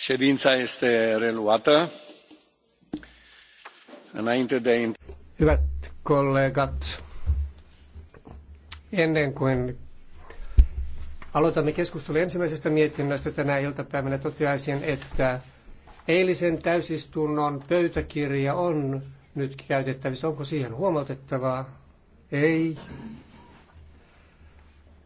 Ședința este reluată. Înainte de... Hyvät kollegat, ennen kuin aloitamme keskustelun ensimmäisestä mietinnöstä tänä iltapäivänä, toteaisin, että eilisen täysistunnon pöytäkirja on nyt käytettävissä. Onko siihen huomautettavaa? Ei.